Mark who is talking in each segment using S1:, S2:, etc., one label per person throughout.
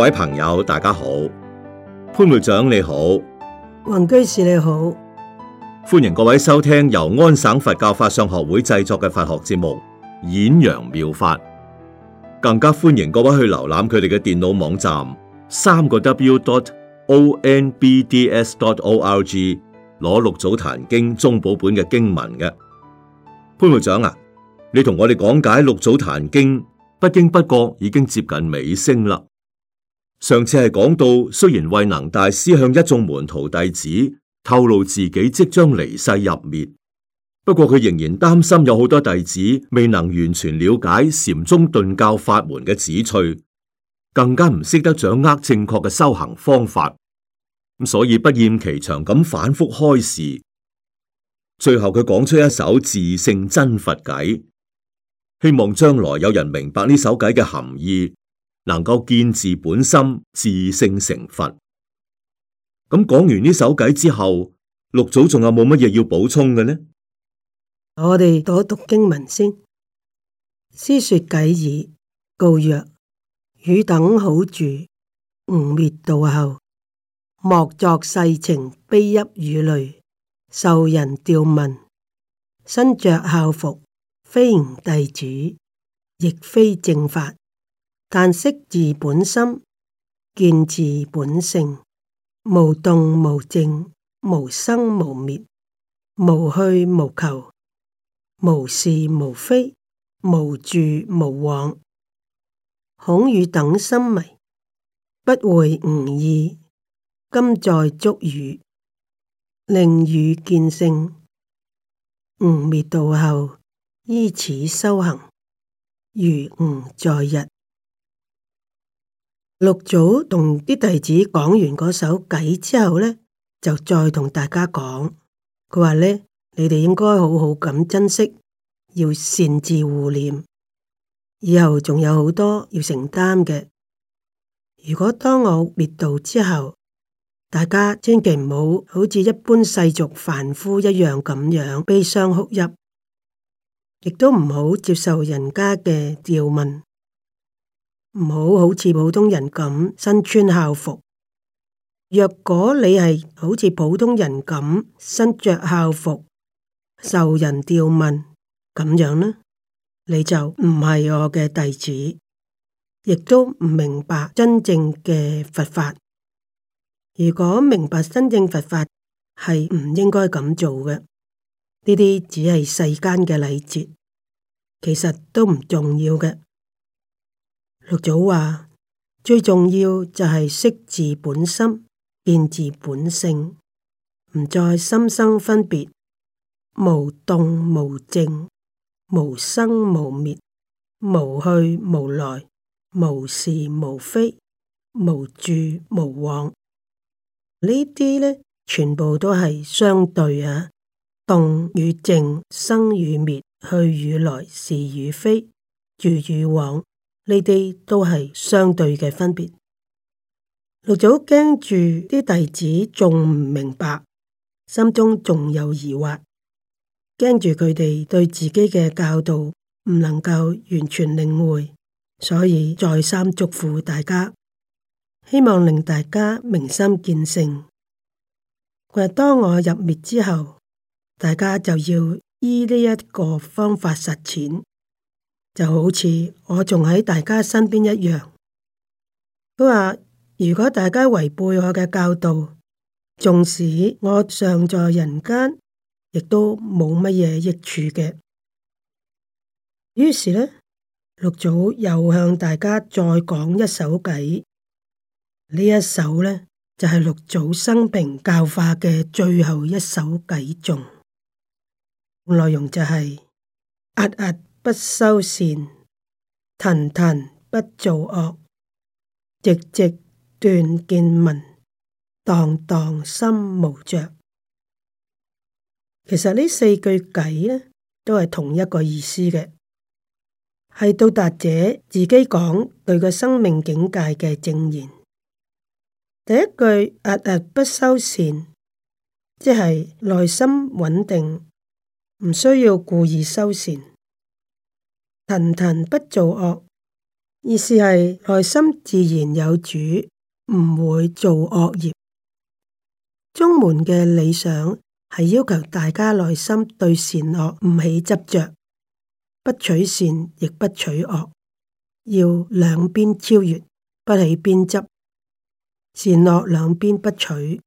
S1: 各位朋友，大家好，潘會長你好，
S2: 雲居士你好，
S1: 歡迎各位收聽由安省佛教法相學會製作嘅法學節目《演揚妙法》，更加歡迎各位去瀏覽佢哋嘅電腦網站三個 W dot o N B D S 點 O R G 攞《六祖壇經》中寶本嘅經文嘅。潘會長啊，你同我哋講解六祖壇經，不經不覺已經接近尾聲啦。上次係講到，雖然慧能大師向一眾門徒弟子透露自己即將離世入滅，不過佢仍然擔心有好多弟子未能完全了解禪宗頓教法門嘅旨趣，更加唔識得掌握正確嘅修行方法，咁所以不厭其長咁反復開示。最後佢講出一首自性真佛偈，希望將來有人明白呢首偈嘅含義。能夠見自本心，自性成佛。咁、嗯、講完呢首偈之後，六祖仲有冇乜嘢要補充嘅呢？
S2: 我哋讀一讀經文先。師說偈已告曰：汝等好住，吾滅度後，莫作世情悲泣雨淚，受人吊問。身着孝服，非吾弟子，亦非正法。但識自本心，見自本性，無動無靜，無生無滅，無去無求，無是無非，無住無往，恐與等心迷，不會吾意。今再囑汝，令汝見性，吾滅道後，依此修行，如吾在日。六祖同啲弟子講完嗰首偈之後咧，就再同大家講，佢話咧：你哋應該好好咁珍惜，要善自護念，以後仲有好多要承擔嘅。如果當我滅度之後，大家千祈唔好好似一般世俗凡夫一樣咁樣悲傷哭泣，亦都唔好接受人家嘅弔問。唔好好似普通人咁身穿孝服，若果你係好似普通人咁身着孝服受人弔問，咁樣呢，你就唔係我嘅弟子，亦都唔明白真正嘅佛法。如果明白真正佛法，係唔應該咁做嘅，呢啲只係世間嘅禮節，其實都唔重要嘅。六祖話：最重要就係識自本心，見自本性，唔再心生分別，無動無靜，無生無滅，無去無來，無是無非，無住無往。呢啲咧，全部都係相對啊！動與靜，生與滅，去與來，是與非，住與往。呢啲都係相對嘅分別。六祖驚住啲弟子仲唔明白，心中仲有疑惑，驚住佢哋對自己嘅教導唔能夠完全領會，所以再三祝福大家，希望令大家明心見性。佢話，當我入滅之後，大家就要依呢一個方法實踐。就好似我仲喺大家身邊一樣，佢話如果大家違背我嘅教導，縱使我尚在人間，亦都冇乜嘢益處嘅。於是呢，六祖又向大家再講一首偈，呢一首呢，就係、是、六祖生平教化嘅最後一首偈頌，內容就係呃呃，啊。啊不修善，騰騰不造惡，直直斷見聞，蕩蕩心無着。其實呢四句偈咧，都係同一個意思嘅，係到達者自己講對個生命境界嘅證言。第一句壓壓不修善，即係內心穩定，唔需要故意修善。騰騰不造惡，意思係內心自然有主，唔會做惡業。宗門嘅理想係要求大家內心對善惡唔起執着，不取善亦不取惡，要兩邊超越，不起邊執，善惡兩邊不取。呢、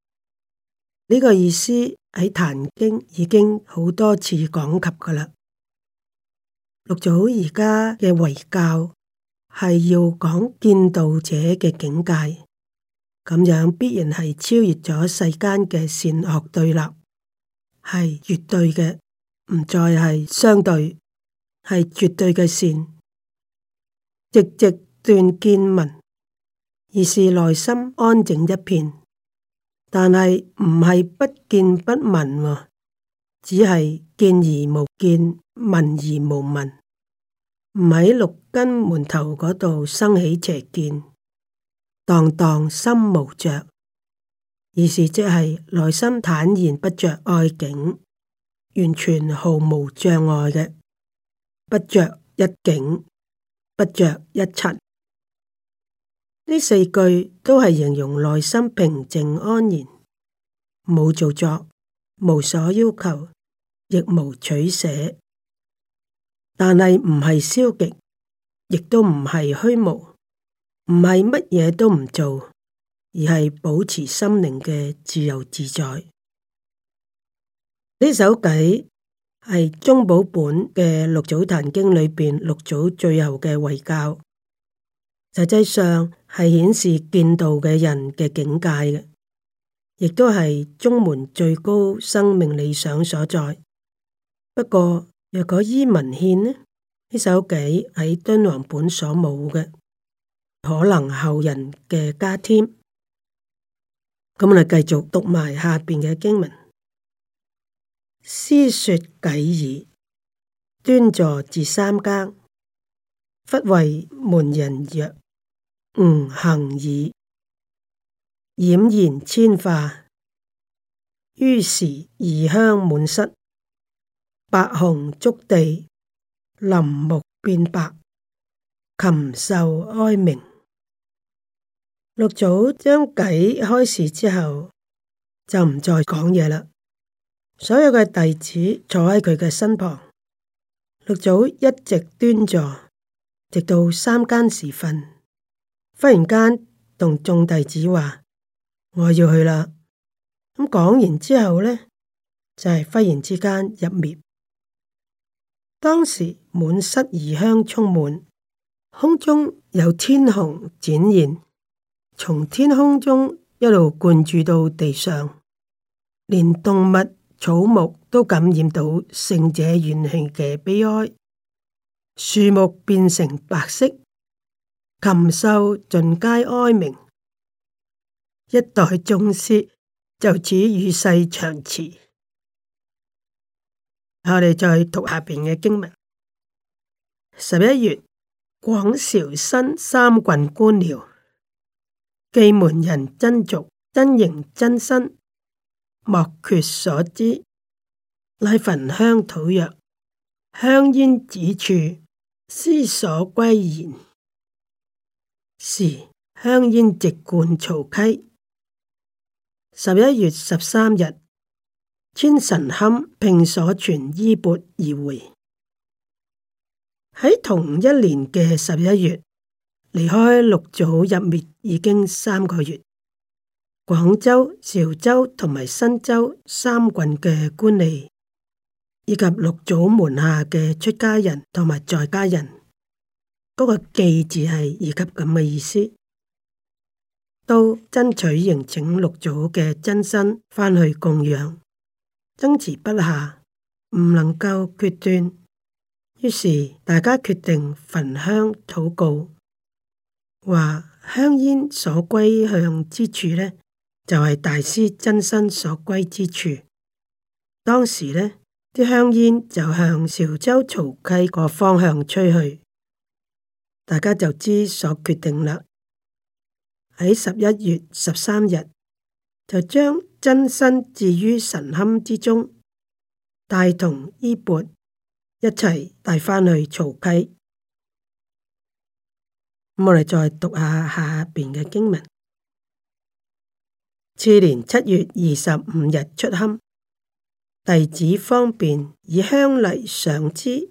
S2: 這個意思喺《壇經》已經好多次講及㗎喇。六祖而家嘅遺教係要講見道者嘅境界，咁樣必然係超越咗世間嘅善惡對立，係絕對嘅，唔再係相對，係絕對嘅善，寂寂斷見聞，而是內心安靜一片。但係唔係不見不聞喎，只係見而無見。聞而無聞，唔喺六根門頭嗰度生起邪見。蕩蕩心無着，而是即係內心坦然不着外境，完全毫無障礙嘅，不着一境，不着一塵。呢四句都係形容內心平靜安然，冇造作，無所要求，亦無取捨。但係唔係消極，亦都唔係虛無，唔係乜嘢都唔做，而係保持心靈嘅自由自在。呢首偈係宗寶本嘅六祖壇經裏邊六祖最後嘅遺教，實際上係顯示見道嘅人嘅境界嘅，亦都係宗門最高生命理想所在。不過，若果依文獻呢，呢首偈喺敦煌本所冇嘅，可能後人嘅加添。咁我哋繼續讀埋下邊嘅經文：師說偈已，端坐至三更，忽謂門人曰：吾行矣，儼然遷化，於時異香滿室。白虹足地，林木變白，禽獸哀鳴。六祖將偈開示之後，就唔再講嘢啦。所有嘅弟子坐喺佢嘅身旁，六祖一直端坐，直到三更時分。忽然間同眾弟子話：我要去啦。咁講完之後呢，就係、是、忽然之間入滅。當時滿室異香充滿，空中有天虹展現，從天空中一路灌注到地上，連動物草木都感染到聖者遠去嘅悲哀。樹木變成白色，禽獸盡皆哀鳴，一代宗師就此與世長辭。我哋再讀下邊嘅經文。十一月，廣韶新三郡官僚，洎門人僧俗，爭迎真身，莫決所之。乃焚香禱曰，香煙指處，師所歸焉。時香煙直貫曹溪。十一月十三日。千神龕聘，所傳衣缽而回。喺同一年嘅十一月，離開六祖入滅已經三個月，廣州、潮州同埋新州三郡嘅官吏以及六祖門下嘅出家人同埋在家人，嗰、那個記字係以及咁嘅意思，都爭取迎請六祖嘅真身返去供養。爭持不下，唔能夠決斷，於是大家決定焚香禱告，話香煙所歸向之處呢，就係大師真身所歸之處。當時呢啲香煙就向潮州曹溪個方向吹去，大家就知所決定啦。喺十一月十三日就將真身置於神龕之中，帶同衣鉢一齊帶返去曹溪。咁我哋再讀下下邊嘅經文。次年七月二十五日出龕，弟子方便以香泥上之，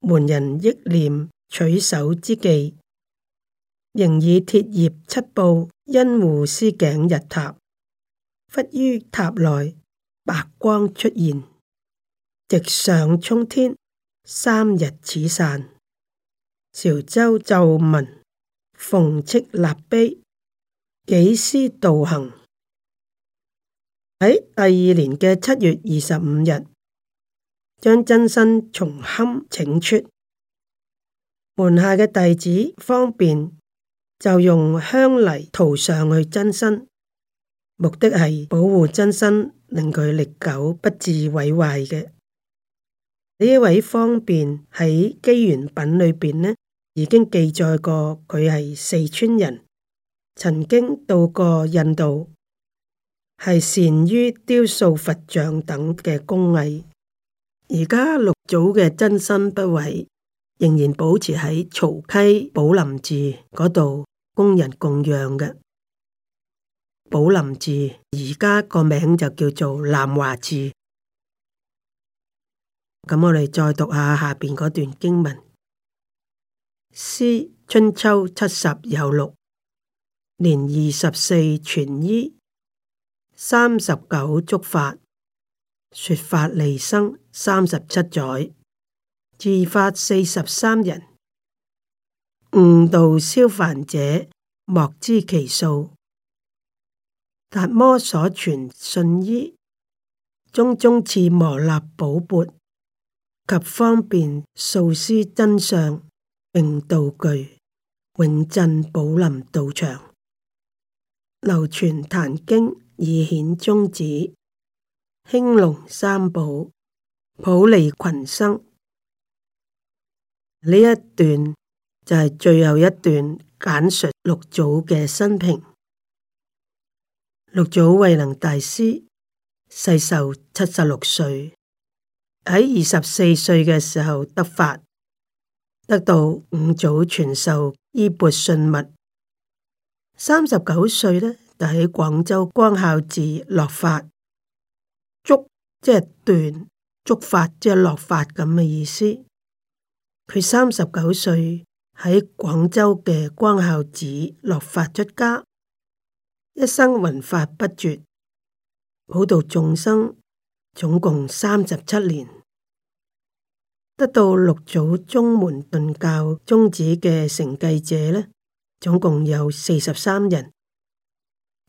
S2: 門人憶念取首之記，仍以鐵葉七布，因護師頸日塔。忽於塔內白光出現，直上衝天，三日始散。潮州奏聞，奉敕立碑，幾思道行。喺第二年嘅七月二十五日，將真身從龕請出，門下嘅弟子方便就用香泥塗上去真身。目的係保護真身，令佢歷久不至毀壞嘅。呢一位方便喺《機緣品》裏邊呢，已經記載過佢係四川人，曾經到過印度，係善於雕塑佛像等嘅工藝。而家六祖嘅真身不毀，仍然保持喺曹溪寶林寺嗰度供人供養嘅。寶林寺而家個名就叫做南華寺。咁我哋再讀下下邊嗰段經文：師春秋七十有六，年二十四傳衣，三十九足法說法離生三十七載自發四十三人悟道消凡者莫知其數。達摩所傳信衣，中宗賜磨衲寶缽及方便素師真相，並道具永鎮寶林道場，流傳壇經以顯宗旨，興隆三寶普利群生。呢一段就係最後一段簡述六祖嘅生平。六祖慧能大師，世壽七十六歲，喺二十四歲嘅時候得法，得到五祖傳授衣缽信物。三十九歲呢，就喺廣州光孝寺落髮，足即係斷足法，即係落髮咁嘅意思。佢三十九歲喺廣州嘅光孝寺落髮出家。一生云法不絕，普度眾生，總共三十七年，得到六祖宗門頓教宗旨嘅承繼者呢，總共有四十三人。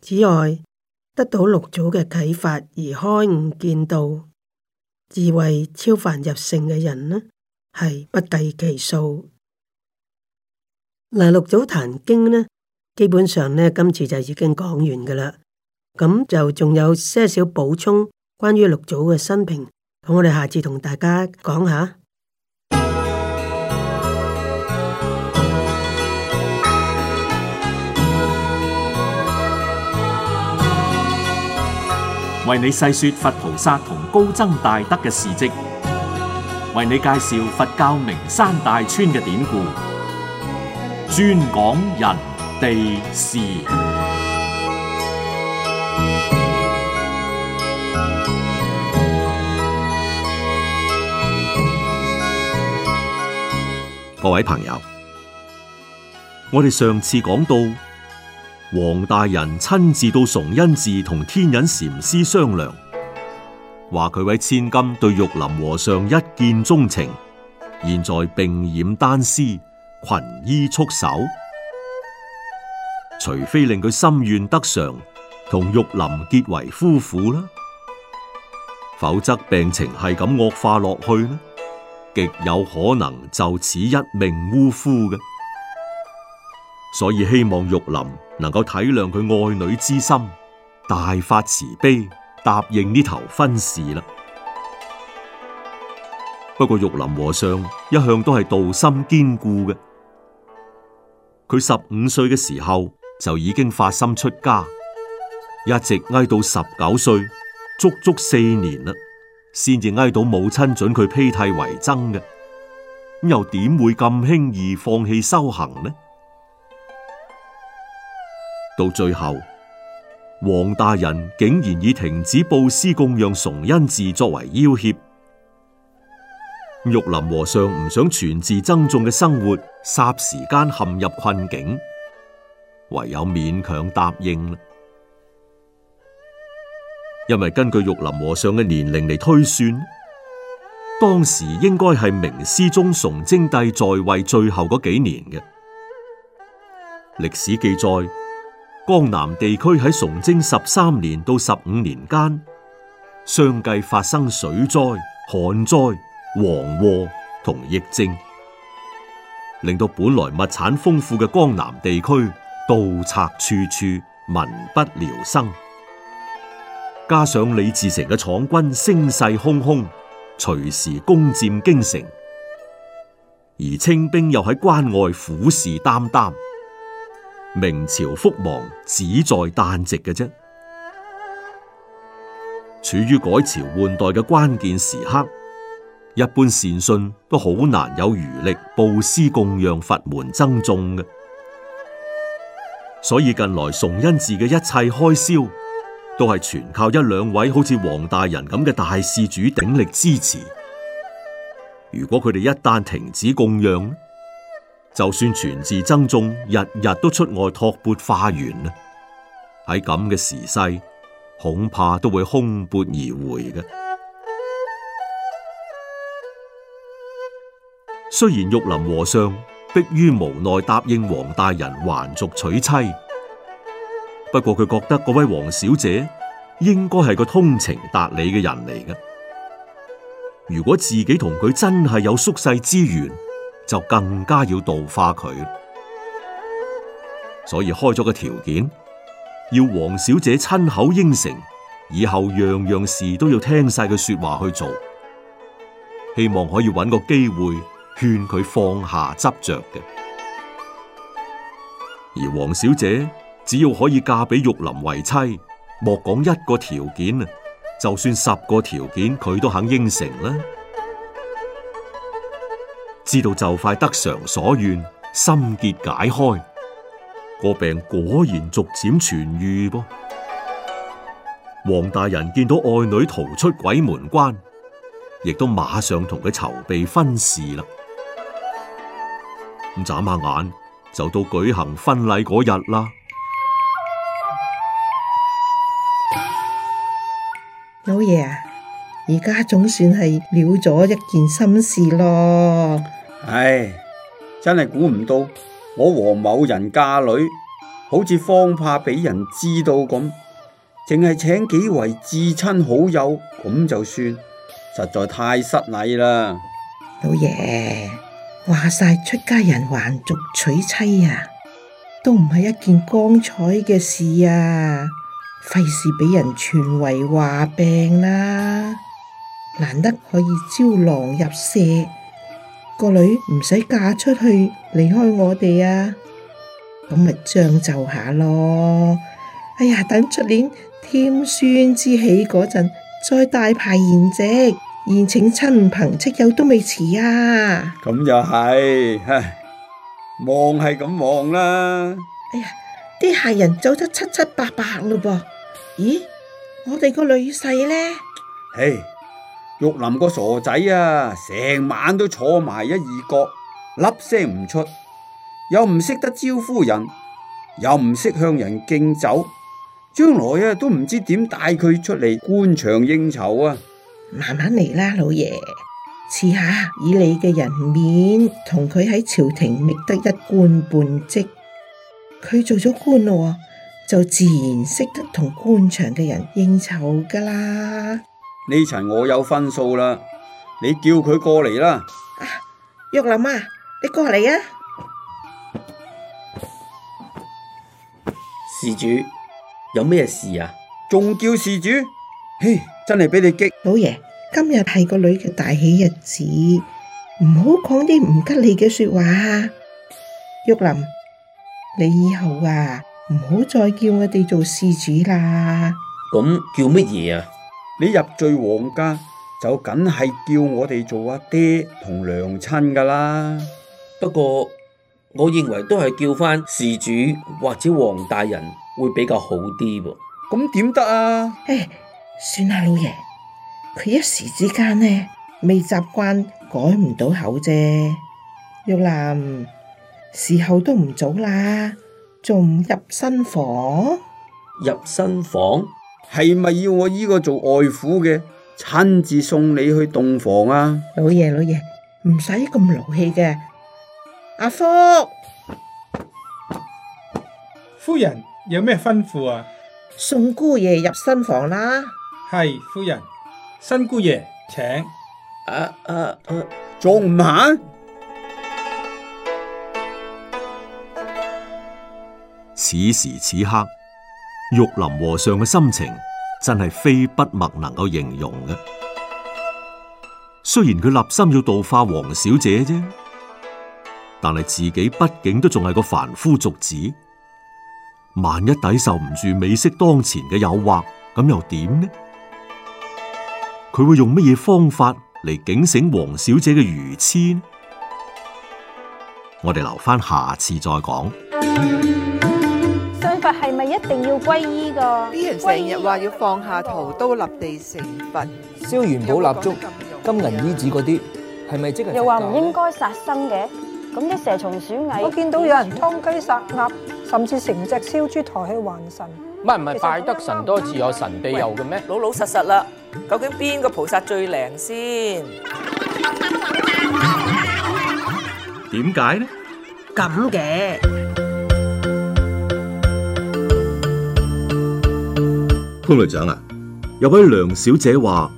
S2: 此外，得到六祖嘅啟發而開悟見道，智慧超凡入聖嘅人呢，係不計其數。嗱，六祖壇經呢？基本上呢，今次就已經講完噶啦。咁就仲有些少補充關於六祖嘅生平，咁我哋下次同大家講下。
S1: 為你細說佛菩薩同高僧大德嘅事跡，為你介紹佛教名山大川嘅典故，專講人地事，各位朋友，我哋上次講到，黃大人親自到崇恩寺同天隱禪師商量，話佢位千金對玉林和尚一見鍾情，現在病染單思，群醫束手。除非令佢心願得償，同玉林結為夫婦啦，否則病情係咁惡化落去呢，極有可能就此一命嗚呼嘅。所以希望玉林能夠體諒佢愛女之心，大發慈悲答應呢頭婚事啦。不過玉林和尚一向都係道心堅固嘅，佢十五歲嘅時候。就已經發心出家，一直挨到十九歲，足足四年啦，先至挨到母親准佢披剃為僧嘅。又點會咁輕易放棄修行呢？到最後，王大人竟然以停止布施供養崇恩寺作為要挾，玉林和尚唔想全寺僧眾嘅生活霎時間陷入困境。唯有勉強答應啦，因為根據玉林和尚嘅年齡嚟推算，當時應該係明思宗崇禎帝在位最後嗰幾年嘅歷史記載，江南地區喺崇禎十三年到十五年間相繼發生水災、旱災、蝗禍同疫症，令到本來物產豐富嘅江南地區。盜賊處處，民不聊生。加上李自成嘅闖軍聲勢洶洶，隨時攻佔京城，而清兵又喺關外虎視眈眈，明朝覆亡只在旦夕嘅啫。處於改朝換代嘅關鍵時刻，一般善信都好難有餘力布施供養佛門僧眾嘅。所以近來崇恩寺嘅一切開銷，都係全靠一兩位好似黃大人咁嘅大施主鼎力支持。如果佢哋一旦停止供養，就算全寺僧眾日日都出外托缽化緣，喺咁嘅時勢，恐怕都會空缽而回嘅。雖然玉林和尚。迫於無奈答應王大人還俗娶妻，不過佢覺得嗰位王小姐應該係個通情達理嘅人嚟嘅。如果自己同佢真係有宿世之緣，就更加要度化佢。所以開咗個條件，要王小姐親口應承，以後樣樣事都要聽晒佢說話去做，希望可以揾個機會。勸佢放下執着嘅，而黃小姐只要可以嫁俾玉林為妻，莫講一個條件啊，就算十個條件佢都肯應承啦。知道就快得償所願，心結解開，個病果然逐漸痊愈噃。黃大人見到愛女逃出鬼門關，亦都馬上同佢籌備婚事啦。眨下眼就到舉行婚禮嗰日啦。
S3: 老爺啊，而家總算係了咗一件心事咯。
S4: 唉，真係估唔到，我和某人嫁女，好似方怕俾人知道咁，淨係請幾位至親好友，咁就算，實在太失禮啦，老爺。
S3: 話晒出家人還俗娶妻啊，都唔係一件光彩嘅事啊，費事俾人傳為話柄啦，啊。難得可以招郎入舍，個女唔使嫁出去離開我哋啊，咁咪將就，就下咯。哎呀，等出年添孫之喜嗰陣，再大排筵席。現請親朋戚友都未遲啊！
S4: 咁又係，唉，望係咁望啦。哎呀，
S3: 啲客人走得七七八八嘞噃？咦，我哋個女婿呢？
S4: 嘿，玉林個傻仔啊，成晚都坐埋一二角，粒聲唔出，又唔識得招呼人，又唔識向人敬酒，將來啊都唔知點帶佢出嚟官場應酬啊！
S3: 慢慢嚟啦，老爺。遲下以你嘅人面同佢喺朝廷覓得一官半職，佢做咗官咯，就自然識得同官場嘅人應酬噶啦。
S4: 呢層我有分數啦，你叫佢過嚟啦、啊。
S3: 玉林啊，你過嚟啊！
S4: 事主有咩事啊？仲叫事主？嘿！真係俾你激！老爺，今日係個女嘅大
S3: 喜日子，唔好講啲唔吉利嘅說話。玉林，你以後啊，唔好再叫我哋做事主啦。
S4: 咁叫乜嘢啊？你入贅王家就梗係叫我哋做阿爹同娘親噶啦。不過我認為都係叫翻事主或者王大人會比較好啲噃。咁
S3: 點得啊？哎算啦，老爺，佢一時之間呢未習慣，改唔到口啫。玉蘭，時候都唔早啦，仲唔入新房？
S4: 入新房係咪要我呢個做外父嘅親自送你去洞房啊？
S3: 老爺，老爺唔使咁勞氣嘅。阿福，
S4: 夫人有咩吩咐啊？送姑爺入新房啦。係夫人，新姑爺，請。啊啊啊！仲唔肯？啊、
S1: 此時此刻，玉林和尚嘅心情真係非筆墨能夠形容嘅。雖然佢立心要度化王小姐啫，但係自己畢竟都仲係個凡夫俗子，萬一抵受唔住美色當前嘅誘惑，咁又點呢？佢會用乜嘢方法嚟警醒黃小姐嘅愚癡？我哋留返下次再講。
S3: 信佛係咪一定要皈依噶？啲人成日話要放下屠刀立地成
S1: 佛，燒元寶蠟燭、金銀
S4: 衣紙嗰啲，係咪即係？又話唔應
S3: 該殺生嘅，咁啲蛇蟲鼠蟻，我見到有人劏雞殺鴨，甚至成隻燒豬抬去還神。
S4: 唔係唔係，拜得神
S3: 多自有神庇佑嘅咩？老老實實啦。究竟邊個菩薩最靈先？
S1: 點解呢？咁嘅潘隊長啊，有位梁小姐話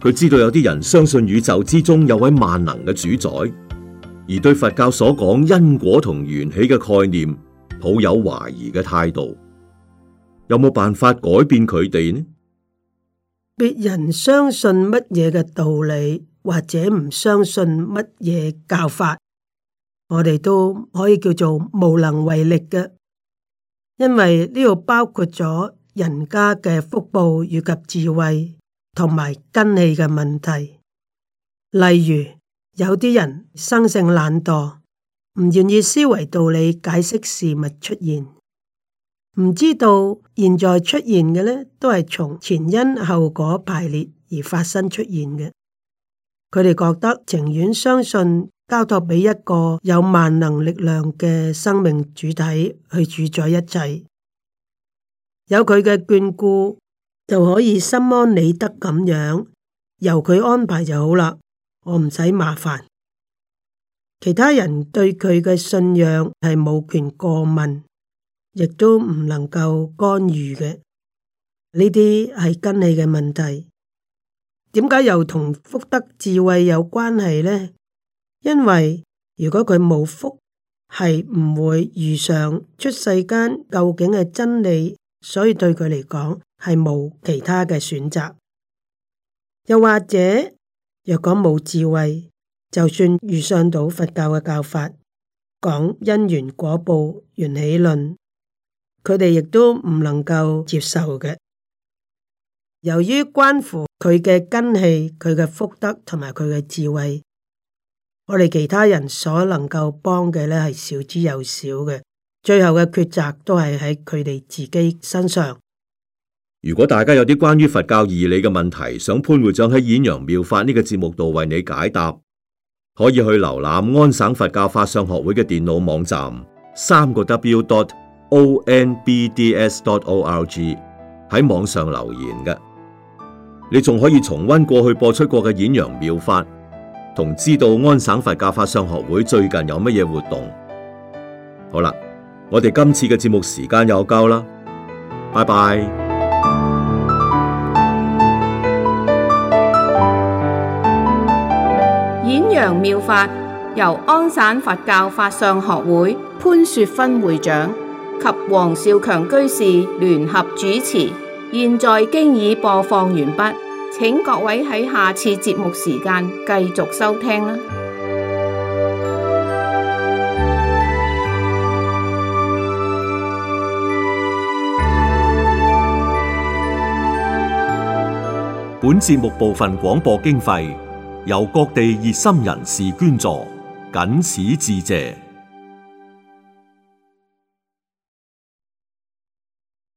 S1: 佢知道有啲人相信宇宙之中有位萬能嘅主宰，而對佛教所講因果同緣起嘅概念抱有懷疑嘅態度，有冇辦法改變佢哋呢？
S2: 別人相信乜嘢嘅道理，或者唔相信乜嘢教法，我哋都可以叫做無能為力嘅，因為呢度包括咗人家嘅福報以及智慧同埋根器嘅問題。例如，有啲人生性懶惰，唔願意思維道理解釋事物出現。唔知道現在出現嘅呢，都係從前因後果排列而發生出現嘅。佢哋覺得情願相信交託俾一個有萬能力量嘅生命主體去主宰一切，有佢嘅眷顧就可以心安理得咁樣，由佢安排就好啦。我唔使麻煩，其他人對佢嘅信仰係冇權過問。亦都唔能夠干預嘅，呢啲係根器嘅問題。點解又同福德智慧有關係呢？因為如果佢冇福，係唔會遇上出世間究竟嘅真理，所以對佢嚟講係冇其他嘅選擇。又或者，若果冇智慧，就算遇上到佛教嘅教法，講因緣果報緣起論。佢哋亦都唔能夠接受嘅，由於關乎佢嘅根器、佢嘅福德同埋佢嘅智慧，我哋其他人所能夠幫嘅咧係少之又少嘅，最後嘅抉擇都係喺佢哋自己身上。
S1: 如果大家有啲關於佛教義理嘅問題，想潘會長喺《演揚妙法》呢個節目度為你解答，可以去瀏覽安省佛教法相學會嘅電腦網站，三個 W dot。o n b d s dot org，喺網上留言嘅。你仲可以重温過去播出過嘅演揚妙法，同知道安省佛教法相學會最近有乜嘢活動。好啦，我哋今次嘅節目時間又夠啦，拜拜。
S3: 演揚妙法由安省佛教法相學會潘雪芬會長及黃少強居士聯合主持，現在經已播放完畢，請各位喺下次節目時間繼續收聽啦。
S1: 本節目部分廣播經費由各地熱心人士捐助，謹此致謝。